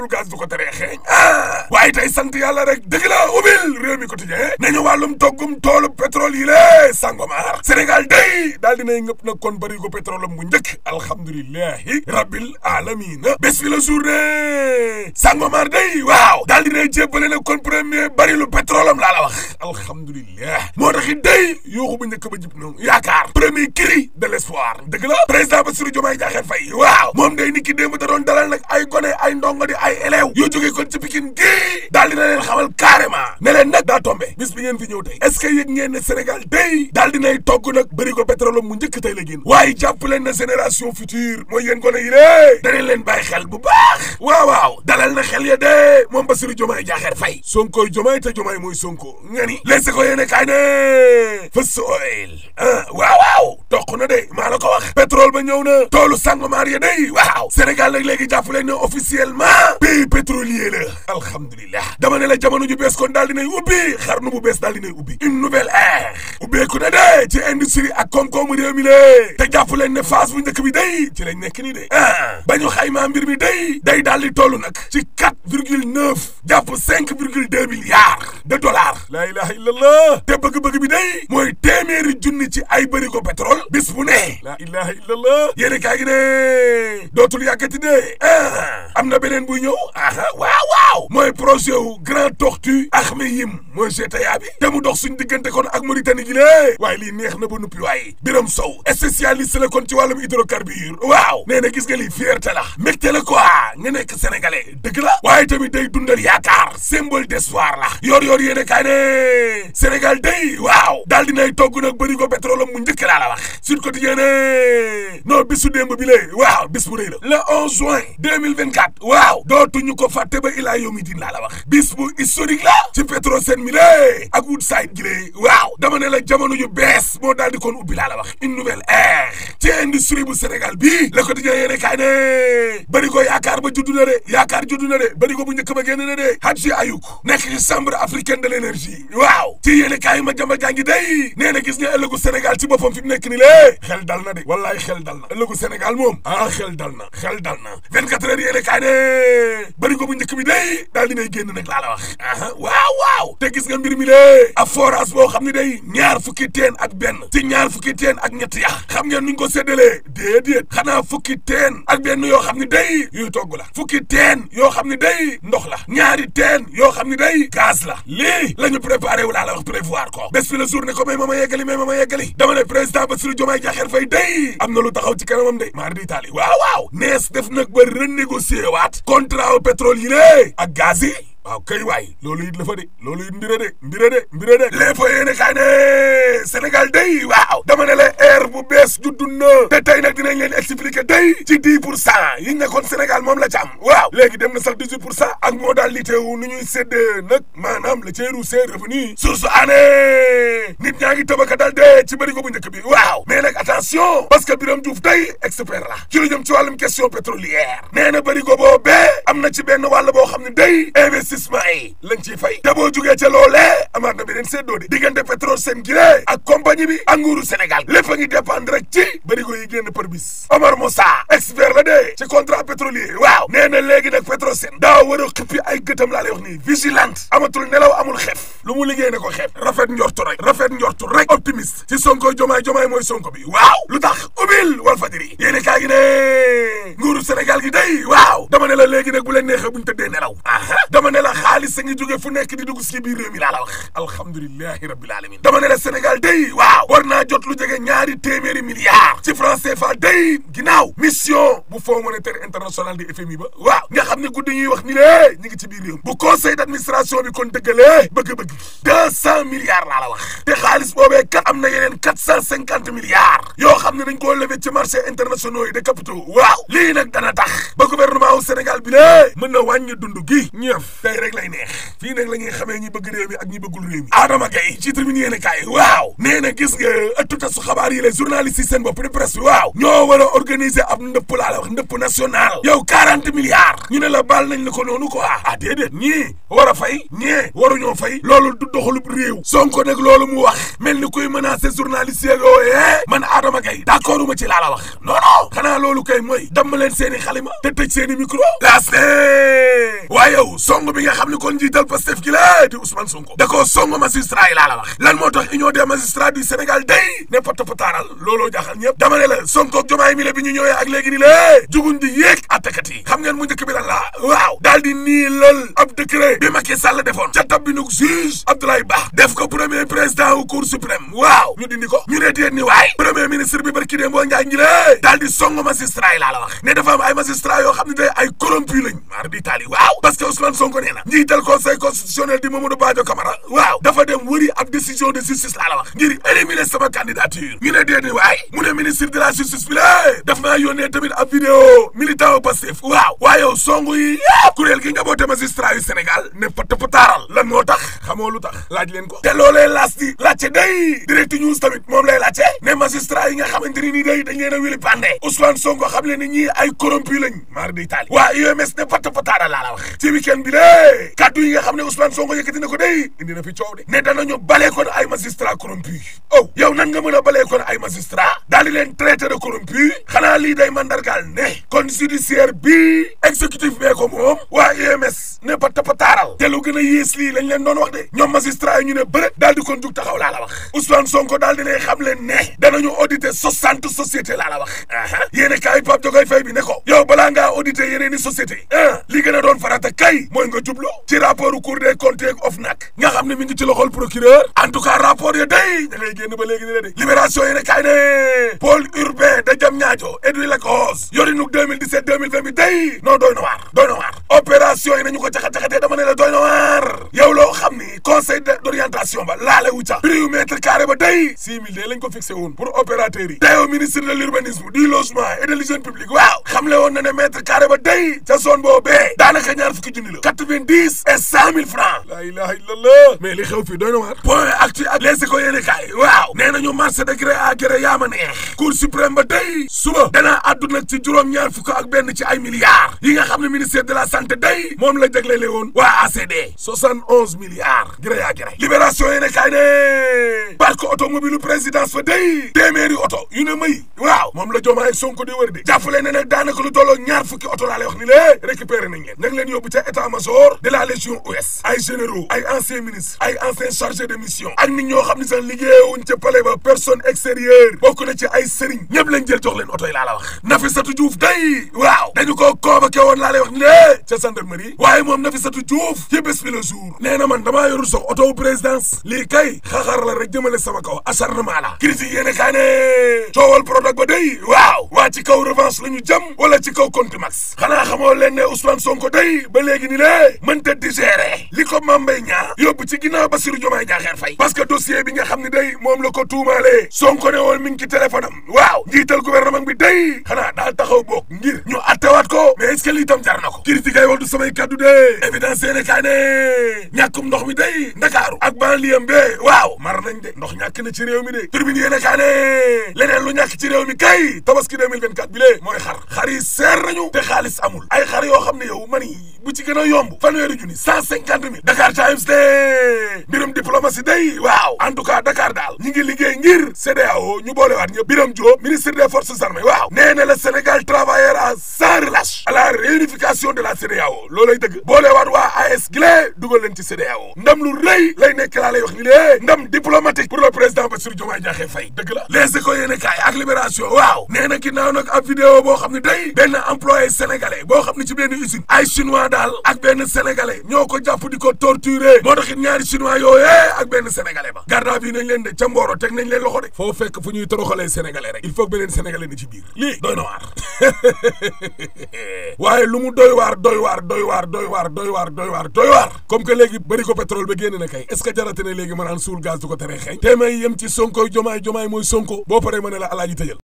moytuwul gaz du ko teree xeeñ ah waaye tey sant yàlla rek dëgg la ubil réew mi quotidien nañu wàllum toggum toolu pétrole yi lée sangomar sénégal day daal dinay ngëpp nag kon bari ko pétrole am bu njëkk alhamdulilahi rabbil alamina bés bi la journée sangomar day waaw daal dinay jébbale nag kon premier wax alhamdulilah moo tax it day yooxu njëkk ba jib na premier cri de l'espoir dëgg la président Bassirou Diomaye Diakhar waaw moom day nit ki démb doon dalal nag ay gone ay ndongo di ay élèves yu jógee kon ci Pikine gii daal dina leen xamal carrément daa tombé bis bi ngeen fi ñëw tey est ce que yëg ngeen ne Sénégal day daal dinay togg nag bëri ko pétrole mu njëkk tey la génn waaye jàpp leen na génération future mooy yéen gone yi de danañ leen bàyyi xel bu baax waaw dalal na xel ya de moom Bassirou Diomaye Diakhar Faye Sonko Diomaye te Diomaye mooy Sonko nga ni les ko yéene kaay ne fës oil ah toq na de maa la ko wax pétrole ba ñëw na toolu sangomar ya day waaw Sénégal nag léegi jàpp leen ne pays pétrolier la alhamdulilah dama ne la jamono ji bees kon daal dinay ubbi xarnu bu bees daal dinay ubbi une nouvelle na de ci industrie ak koom-koomu réew mi le te jàpp la ne phase bu njëkk bi day ci la nekk nii de ah ba bir mi day day daal di toll nag ci quatre virgule neuf jàpp cinq virgule deux milliards de dollars la ilaha illallah te bëgg-bëgg bi day mooy téeméeri junni ci ay bërigo pétrole bis bu ne la ilaha illallah yéene kaa gi ne dootul yàggati ti ah am na beneen buy ñëw ñëw aha waaw waaw mooy projet wu Grand Tortue Ahmeyim mooy GTA bi te mu dox suñ diggante kon ak Mauritanie gi lée waaye lii neex na ba nuppi waaye Biram Sow spécialiste la kon ci wàllum hydrocarbure waaw nee na gis nga lii fierté la mbégte la quoi nga nekk sénégalais dëgg la waaye tamit day dundal yaakaar symbole d'espoir la yoor yoor yéene kaay ne Sénégal day waaw daal dinay togg nag bëri ko pétrole mu njëkk laa la wax Sud Quotidien non bisu démb bi waaw bis ñu ko fàtte ba ilaa yomi din laa la wax bis bu historique la ci Petrosen mi lée ak Woodside gi lée waaw dama ne la jamono yu bees moo daal di koon ubbi laa la wax une nouvelle ère ci industrie bu Sénégal bi la ko di yéene kaay ne bëri ko yaakaar ba juddu na de yaakaar juddu na de bëri ko bu njëkk ba génn na de Hadji Ayouk nekk ci chambre africaine de l'énergie waaw ci yéene kaay ma jamba jàngi day nee na gis nga ëllëgu Sénégal ci boppam fi mu nekk ni lée xel dal na de wallaay xel dal na ëllëgu Sénégal moom ah xel bëri ko bu njëkk bi day daal génn nag laa la wax aa waaw waaw te gis nga mbir mi lée a forage boo xam ne day ñaar fukki teen ak benn ci ñaar fukki teen ak ñett ya xam ngeen nuñ ko séddalee déedéet xanaa fukki teen ak benn yoo xam ne day yuy togg la fukki teen yoo xam ne day ndox la ñaari teen yoo xam ni day gaz la lii la ñu préparé wu laa la wax prévoir ko bés bi la journée ko may ma ma yeggali may ma ma yeggali dama ne président Bassirou Diomaye Diakhar Faye day am na lu taxaw ci kanamam day maar di taali gannaaw pétrole yi lée ak gaz yi waaw kay waay loolu it la fa de loolu it mbira de mbira de mbira de lépp yéene kaay ne Sénégal day waaw dama ne la air bu bees juddu na te tey nag dinañ leen expliquer day ci 10 pour cent yi nekkoon Sénégal moom la ci am waaw léegi dem na sax 18 pour cent ak modalité wu nu ñuy séddee nag maanaam la ceeru seer revenu source année nit ñaa ngi tëbaka dal dee ci bëri ko bu njëkk bi waaw mais nag attention parce que Birame Diouf day expert la ci lu jëm ci wàllum question pétrolière nee na bëri benn wàll boo xam ne day investissement yi lañ ciy fay te boo jugee ca loolee amaat na beneen seddoo diggante Petrosen gilée ak compagnie bi ak nguuru Sénégal lépp a ngi dépendre rek ci bërigo yi génn par bis Omar Moussa expert la de ci contrat waaw nee na léegi nag Petrosen daa war a xippi ay gëtam laa lay wax nii amatul nelaw amul xeef lu mu liggéey ne ko xeef rafet njortu rek rafet njortu rek optimiste ci Sonko jomaay jomaay mooy Sonko bi waaw lu tax ubil wal fajiri yéene kaa gi ne nguuru Sénégal gi day waaw dama ne la léegi nag bu leen neexee buñu tëddee nelaw aha dama ne ne la xaalis a ngi jóge fu nekk di dugg ci biir réew mi laa la wax alhamdulilahi rabbil alamin dama ne la Sénégal day waaw war naa jot lu jege ñaari téeméeri milliards ci franc CFA day ginnaaw mission bu Fonds monétaire international di FMI ba waaw nga xam ne guddi ñuy wax ni lée ñu ngi ci biir réew bu conseil d'administration bi kon dëggalee bëgg-bëgg deux cent milliards laa la wax te xaalis boobee kat am na yeneen quatre cent cinquante milliards yoo xam ne dañ koo levé ci marché internationaux yi de capitaux waaw lii nag dana bi lée mën na dund gi tey rek lay neex fii nag la ñuy xamee ñi bëgg réew mi ak ñi bëggul réew mi Adama Gaye ci tribune yéen kaay waaw nee na gis nga ëttu tasu xabaar yi les journalistes yi seen bopp de presse bi waaw ñoo war a ab ndëpp laa la ndëpp national yow 40 milliards ñu ne la baal nañ la ko noonu quoi ah déedéet ñii war a fay ñee waruñoo fay loolu du doxalub réew Sonko nag loolu mu wax mel ni kuy menacer journalistes yooyee man Adama Gaye d'accord uma ci laa la wax non non xanaa loolu kay mooy bi nga xam ne kon njiital Pastef gi la di Ousmane Sonko da koo songo magistrat laa la wax lan moo tax union des magistrats du Sénégal day ne patta pataaral looloo jaaxal ñëpp dama ne Sonko jomaay mi la bi ak léegi ni lée jugun di yéeg xam ngeen mu njëkk bi lan waaw daal di nii ab décret bi Macky Sall defoon ca bi nu juge Abdoulaye Ba def ko premier président au cour suprême waaw ñu dindi ko ñu ne déet ni waay premier ministre bi barki déem nee na njiital conseil constitutionnel di Mamadou Badio Camara waaw dafa dem wëri ab décision de justice laa la wax ngir éliminer sama candidature ñu ne déedéet waay mu ne ministre de la justice bi la daf maa tamit ab vidéo militant Pastef waaw waaye songu yi yëpp kuréel gi nga boote magistrat yu Sénégal ne pat lan moo tax tax laaj leen ko te loolee laas di laajte day direct news tamit moom lay laajte ne magistrat yi nga xamante ni a wili kaddu yi nga xam ne Ousmane Sonko yëkkati na ko day indi na fi coow de ne danañu balee kon ay magistrat corrompu oh, yow nan nga mën a balee kon ay magistrat daal di leen traité de corrompu xanaa lii day mandargaal ne kon judiciaire bi exécutif bee ko moom waa UMS ne pata te lu gën a yées lii lañ leen doon wax de ñoom magistrat yi ñu ne bërët daal di kon jug taxaw laa la wax Ousmane Sonko daal di lay xam leen ne danañu audité soixante société laa la wax aa yéen i kaay Pape Diogaye Faye ah, a jublu ci rapport Cour des comptes ak OFNAC nga xam mi ngi loxol procureur en tout cas day da ngay génn ba léegi ni la de libération yi ne kaay urbain da jam ñaajo Edouard Lacoste yorinuk 2017 2020 bi day non doy na waar doy na waar opération yi nañu ko caxa-caxatee dama ne la doy na conseil d'orientation ba laale wu ca prix yu ba day six mille day lañ ko fixé woon pour opérateurs yi ministre de l'urbanisme du logement et de l'hygiène publique waaw xamle woon na ne mètre ba day ca zone boobee daanaka ñaar fukki junni la quatre-vingt-dix et illallah mais li xew fii doy na waar point ak les éco yéene kaay waaw nee nañu marché de gré à gré yaa ma neex cour suprême ba day suba danaa addu ci juróom-ñaar fukk ak benn ci ay gré à gré libération yéene kaay ne parc automobile présidence fa day téeméeri oto yu ne may waaw moom la Diomaye ak Sonko di wër di ne nag daanaka lu tolloo ñaar fukki oto laa wax ni lé récupéré nañ leen nag leen yóbbu ca état major de la légion ouest ay généraux ay anciens ministres ay anciens chargés de mission ak nit ñoo xam ne sax liggéeyewuñ ca palais ba personne extérieure bokk na ci ay sëriñ ñëpp lañ jël jox leen oto yi laa la wax Nafissatou Diouf day waaw oto oto présidence lii kay xaxar la rek jëmale sama kaw acharnement la crise yéen a kaa ne coowal Prodac ba day waaw waa ci kaw revanche la ñu jëm wala ci kaw contumax xanaa xamoo leen ne Ousmane Sonko day ba léegi ni lée mënta digérer li ko Mame Mbaye Niang yóbbu ci ginnaaw Bassirou Diomaye Diakhar Faye parce que dossier bi nga xam ne day moom la ko tuumaalee Sonko ne woon mi ngi ci téléphone am waaw njiital gouvernement bi day xanaa daal taxaw boog ngir ñu attewaat ko mais est-ce samay a kaa ne ñàkkum gi Ndakaaru ak banlieue bee waaw mar nañ de ndox ñàkk na ci réew mi de turbine yéene kaane leneen lu ñàkk ci réew mi kay tabaski 2024 bi lee mooy xar xar yi seer nañu te xaalis amul ay xar yoo xam ne yow mani bu ci gën a yomb fanweeri junni cent cinquante mille Dakar Times de mbirum diplomatie day waaw en tout ñi ngi liggéey ngir CEDEAO ñu boolewaat ñëpp Biram Diop ministre des forces armées waaw nee na le Sénégal travaillera sans relâche à la réunification de la CEDEAO loolay dëgg boolewaat waa AES gilée dugal leen ci CEDEAO ndam lu rëy lay nekk laa lay wax ni lée ndam diplomatique pour le président Bassirou Diomaye Diakhar dëgg la Les Échos yéene kaay ak Libération waaw nee na ginnaaw nag ab vidéo boo xam ne day benn employé sénégalais boo xam ne ci benn usine mbooro teg nañ leen loxo de foo fekk fu ñuy toroxalee sénégalais rek il faut beneen sénégalais ni ci biir lii doy na waar waaye lu mu doy waar doy waar doy waar doy waar doy waar doy waar doy waar comme que léegi bëri ko pétrole ba génn na kay est jarate ne léegi ma naan suul gaz du ko xeeñ te may yem ci sonkoy jomaay jomaay mooy sonko boo paree ma ne la alaaji tëjal